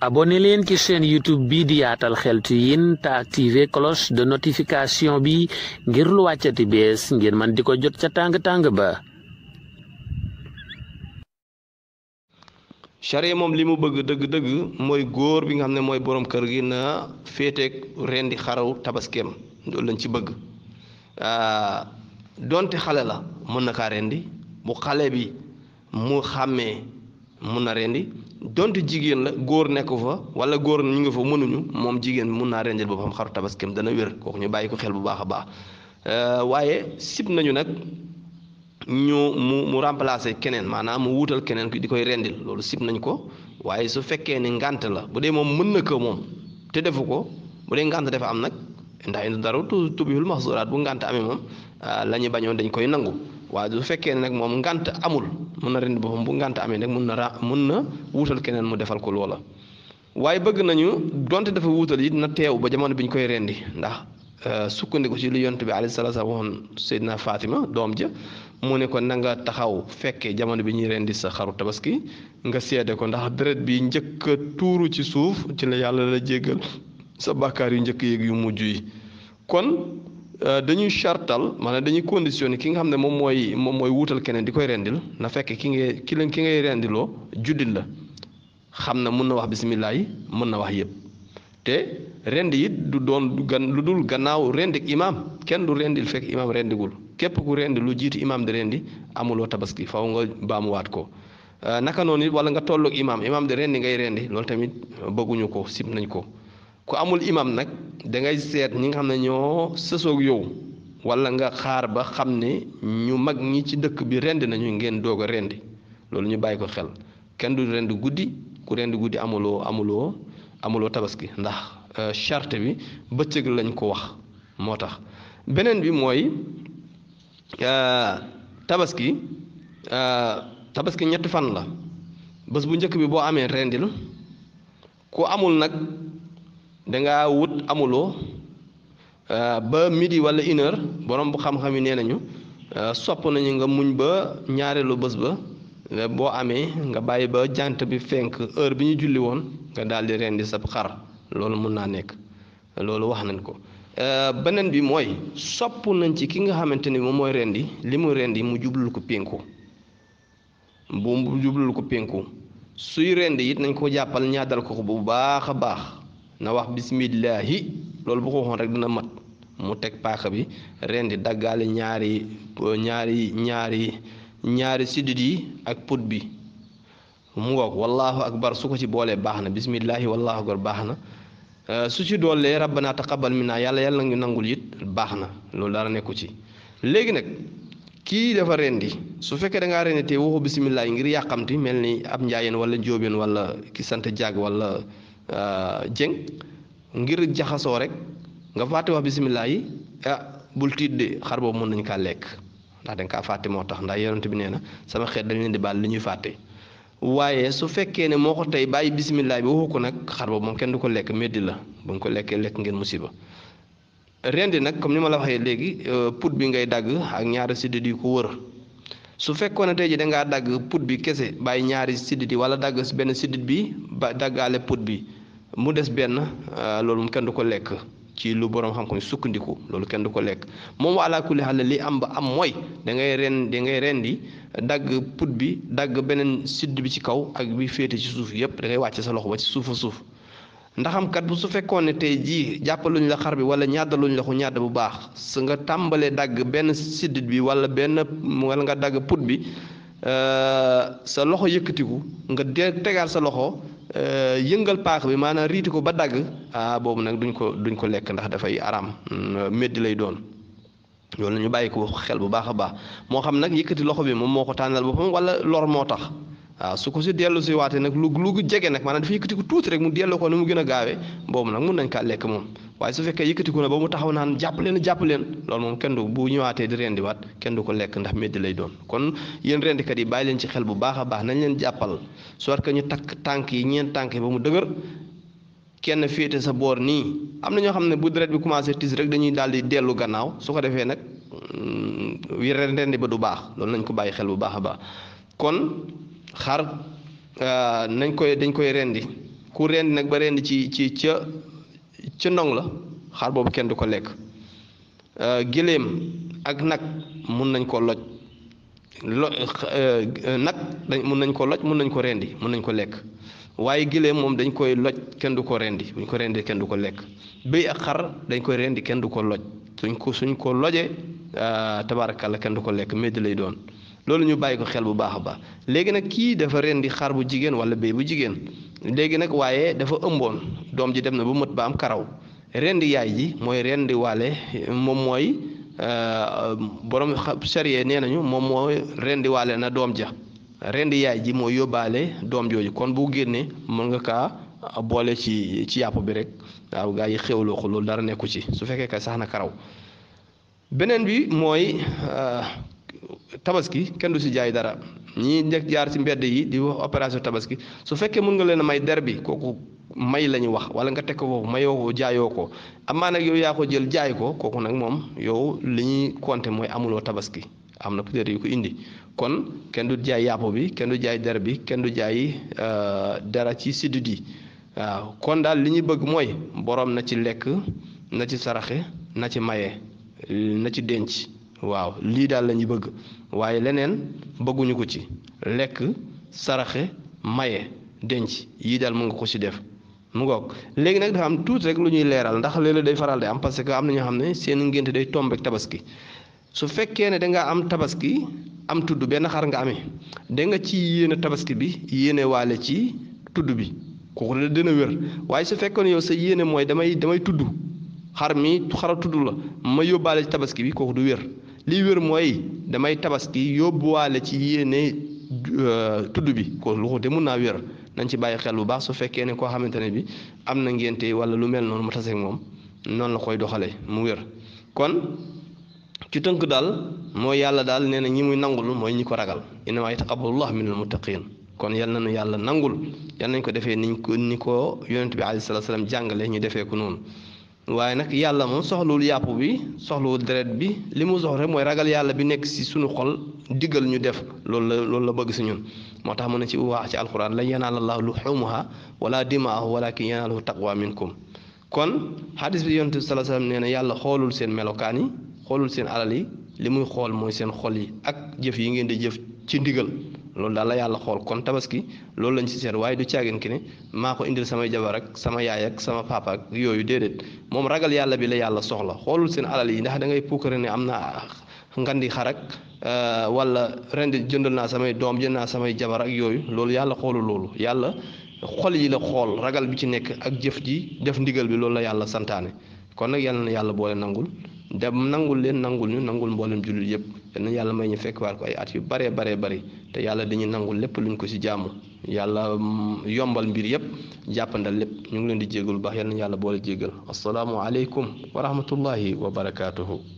abonné leen ci chaîne youtube bi di yaatal xeltu yin te activé cloche de notification bi ngir lu wàccati bees ngeen man di ko jot ca tàng-tàng ba charia moom li mu bëgg dëgg-dëgg mooy góor bi nga xam ne mooy boroom kër gi na féeteeg rendi xaraw tabaskeem loolu lañ ci bëgg ah, donte xale la mën na kaa rendi bu xale bi mu xàmmee mun na rendi dont jigéen la góor nekk fa wala góor ñu ngi fa mënuñu moom jigéen mun naa rendil boppam xaru tabaskeem dana wér kooku ñu bàyyi ko xel bu baax a baax euh, waaye sib nañu nag ñu mu mu remplacer keneen maanaam mu wuutal keneen ki di koy rendil loolu sib nañ ko waaye su fekkee ni ngànt la bu dee moom mën na ko moom te defu ko bu dee ngànt dafa am nag ndax indi dara tu tubihul maxsuraat bu ngànt amee moom euh, la ñu bañoon dañ koy nangu waa du fekkee nag moom ngant amul mën na rend boppam bu ngant amee nag mun na ra mun na wuutal keneen mu defal ko loola waaye bëgg nañu donte dafa wuutal it na teew ba jamono bi ñu koy rendi ndax euh, sukkandiku ci li yonent bi alayhi salaatu salaam waxoon naa faatima doom ja mu ne ko na taxaw fekkee jamono bi ñuy rendi sa xaru tabaski nga seede ko ndax deret bi njëkk tuuru ci suuf ci la yàlla la jéggal sa bàkkaar yu njëkk yéeg yu mujj yi Euh, dañuy chartal a dañuy conditionné ki nga xam ne moom mooy moom mooy wutal keneen di koy rendil na fekk ki ngay ki leen ki ngay rendiloo jullit la xam na mun na wax bisimilah yi mën na wax yëpp te rend it du doon gan lu dul gannaaw rendik imaam kenn du rendil fekk imaam rendigul képp ku rendi lu jiitu imaam di rendi amuloo tabaski faw nga baamuwaat ko euh, naka noonu it wala nga tolloog imaam imaam di rendi ngay rendi loolu tamit bëgguñu ko sib nañ ko. ku amul imam nag da ngay seet ñi nga xam ne ñoo sësoog yow wala nga xaar ba xam ne ñu mag ñi ci dëkk bi rendi nañu ngeen doog a rendi loolu ñu bàyyi ko xel kenn du rendi guddi ku rendi guddi amuloo amuloo amuloo tabaski ndax euh, charte bi bëccëg lañ ko wax moo tax beneen bi mooy euh, tabaski euh, tabaski ñetti fan la bés bu njëkk bi boo amee rendil ku amul nag danga wut amuloo euh, ba midi wala une heure borom bu xam-xam yi nee nañu euh, sopp nañu nga muñ ba ñaareelu bés ba boo amee nga bàyyi ba jant bi fenk heure bi ñu julli woon nga daal di rendi sab xar loolu mun naa nekk loolu wax nañ ko euh, beneen bi mooy sopp nañ ci ki nga xamante ni moom mooy rendi li mu rendi mu jublul ko pénku bu mu jublul ko pénku suy rendi it nañ ko jàppal ñaadal ko bu baax a baax na wax bismillaahi loolu bu ko waxoon rek dina mat mu teg paaka bi rendi daggaale ñaari ñaari ñaari ñaari siddit yi ak put bi mu ngoog wallaahu bar su ko ci boolee baax na bismillaahi wallaahu akbar baax na euh, su ci doolee rabbana taqabbal minna yàlla yàlla ngi nangul yit baax na loolu dara nekku ci léegi nag kii dafa rendi su fekkee da ngaa rendi te waxu bismillaahi ngir yàqamti mel ni ab njaayeen wala njóobeen walla ki sant jaag wala Euh, jëng ngir jaxasoo rek nga fàtte wax bisimilah yi ah bul tiit de xar boobu mën nañu kaa lekk ndax danga kaa fàtte moo tax ndax yonent bi nee na sama xeet dañ leen di baal li ñuy fàtte waaye su fekkee ne moo ko tey bàyyi bisimilah bi waxu ko nag xar boobu moom kenn du ko lekk meddi la bu nga ko lekkee lekk ngeen musiba. rendi nag comme ni ma la waxee léegi euh, put bi ngay dagg ak ñaari siddit yi ko wër su fekkoon ne tey ji dangaa dagg put bi kese bàyyi ñaari siddit yi wala dagg benn siddit bi ba daggaale put bi. mu des benn euh, loolu mu kenn du ko lekk ci lu borom xam-xam sukkandiku loolu kenn du ko lekk moom wa ala kulli xaal li am ba am mooy da ngay ren da ngay ren dagg put bi dagg beneen sidd bi ci kaw ak bi féete ci suuf yëpp dangay wàcc sa loxo ba ci suufa suuf ndaxam kat bu su fekkoon ne tey jii jàppaluñ la xar bi wala ñaadaluñ la ko ñaada bu baax su nga tàmbalee dagg benn sidd bi wala benn wala nga dagg put bi euh, sa loxo yëkkatiku nga tegaat sa loxo Euh, yëngal paax bi maanaa riiti ko ba dagg ah boobu nag duñ ko duñ ko lekk ndax dafay araam mm, meddi lay doon loolu ñu bàyyi ko xel bu baax a baax moo xam nag yëkkati loxo bi moom moo ko tànnal boppam wala lor moo tax waaw su ko si dellu si waatee nag lu lu jege nag a dafa yëkkati ko tuuti rek mu delloo ko ni mu gën a gaawee boobu nag mun nañ kaa lekk moom waaye su fekkee yëkkati ko na ba mu taxaw naan jàpp leen jàpp leen loolu moom kenn du bu kenn du ko lekk ndax médd lay doon kon yéen rendikat yi bàyyi leen ci xel bu baax baax nañ leen jàppal soit que ñu takk tànk yi ñeent tànk yi ba mu dëgër kenn féete sa boor nii am na ñoo xam ne bu deret bi commencé tis rek dañuy daal di dellu gannaaw su ko defee nag wi mm, rendi ba du baax loolu nañ ko bàyyi xel bu baax a baax kon xar euh, nañ koy dañ koy rendi ku rendi nag ba rendi ci ci ca ca ndong la xar boobu kenn du ko lekk euh, gëléem ak nag mun nañ koo loj lo euh, nag dañ mun nañ ko loj mun nañ ko rendi mun nañ ko lekk waaye gëléem moom dañ koy loj kenn du ko rendi buñ ko rendi kenn du ko lekk béy ak xar dañ koy rendi kenn du ko loj suñ ko suñ ko lojee tabaarakalla kenn du ko lekk médd lay doon loolu ñu bàyyi ko xel bu baax a baax léegi nag kii dafa rendi xar bu jigéen wala béy bu jigéen léegi nag waaye dafa ëmboon doom ji dem na ba mët ba am karaw rendi yaay ji mooy rendi waale moom mooy euh, borom sariya nee nañu moom mooy rendi waale na doom ja rendi yaay ji mooy yóbbaale doom jooju kon bu génnee mën nga kaa boole ci ci yàpp bi rek waaw gaa yi xéwloo ko loolu dara nekku ci su fekkee ka sax na karaw beneen bi mooy. Euh, tabaski kenn du si jaay dara ñi njëkk jaar ci mbedd yi di wax opération tabaski su fekkee mën nga leen may der bi kooku may la ñu wax wala nga teg ko foofu mayoo jaayoo ko amaa nag yow yaa ko jël jaay ko kooku nag moom yow li ñuy compter mooy amuloo tabaski am na peut yu ko indi kon kenn du jaay yàpp bi kenn du jaay der bi kenn du jaay euh, dara ci siddu di waaw kon daal li ñuy bëgg mooy boroom na ci lekk na ci saraxe na ci maye na ci denc. waaw lii daal lañuy bëgg waaye leneen bëgguñu ko ci lekk saraxe maye denc yii daal mu nga ko ci def mu ngoog léegi nag dafa am tuuti rek lu ñuy leeral ndax léeg-léeg day faral di am parce que am na ñoo xam ne seen ngénte day tombe ak tabaski su fekkee ne dangaa am tabaski am tudd benn xar nga ame da ci yéene tabaski bi yéene waale ci tudd bi kooku la dina wér waaye su fekkoon yow sa yéene mooy damay damay tudd xar mi xara tudd la ma yóbbaale ci tabaski bi kooku du wér lii wér mooy damay tabaski yóbbuwaale ci yéene euh, tudd bi ko loxo de mun naa wér nañ ci bàyyi xel bu baax su fekkee ne koo xamante ne bi am na ngénte wala lu mel noonu mu taseeg moom noonu la koy doxale mu wér kon ci tënk daal mooy yàlla daal nee na ñi muy nangul mooy ñi ko ragal innamaa yataqabbalullahu minal muttaqiin kon yal nañu yàlla nangul yal nañ ko defee niñ ko ni ko yonent bi alayhi salaatu salaam jàngale ñu defee ko noonu waaye nag yàlla moom soxlawul yàpp bi soxlawul deret bi li mu rek mooy ragal yàlla bi nekk ci suñu xol diggal ñu def loolu la loolu la bëgg si ñun moo tax mu ne ci wax ci alquran lan yanaala llaahu luhuumuhaa wala dimaahu walaakin yanaaluhu taqwa minkum kon xadis bi yonent bi sallallaahu alayhi wa sallam nee na yàlla xoolul seen melokaan yi xoolul seen alal yi li muy xool mooy seen xol yi ak jëf yi ngeen di jëf ci ndiggal loolu daal la yàlla xool kon tabaski loolu lañ ci seer waaye du caagin ki ne maa ko indil samay jabar ak sama yaay ak sama papa ak yooyu déedéet moom ragal yàlla bi la yàlla soxla xoolul seen alal yi ndax da ngay puukare ne am naa ngandi xarak euh, wala ren jënd naa samay doom jënd naa samay jabar ak yooyu loolu yàlla xoolul loolu yàlla xol yi la xool ragal bi ci nekk ak jëf ji def ndigal bi loolu la yàlla santaane kon nag yàlla na yàlla boole nangul dem nangul leen nangul ñu nangul mboolem jullit yëpp na yàlla may ñu fekk waar ko ay at yu baree baree bari te yàlla dañu nangul lépp lu ñu ko ci jaamu yàlla mm, yombal mbir yëpp jàppandal lépp ñu ngi leen di jégalu baax yal na yàlla boole jégal asalaamu aleykum wa rahmatullahi wa barakaatuhu